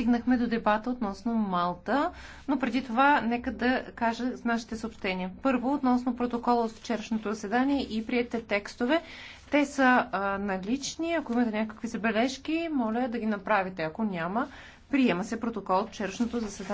стигнахме до дебата относно Малта, но преди това нека да кажа нашите съобщения. Първо, относно протокола от вчерашното заседание и приятите текстове. Те са а, налични. Ако имате някакви забележки, моля да ги направите. Ако няма, приема се протокол от вчерашното заседание.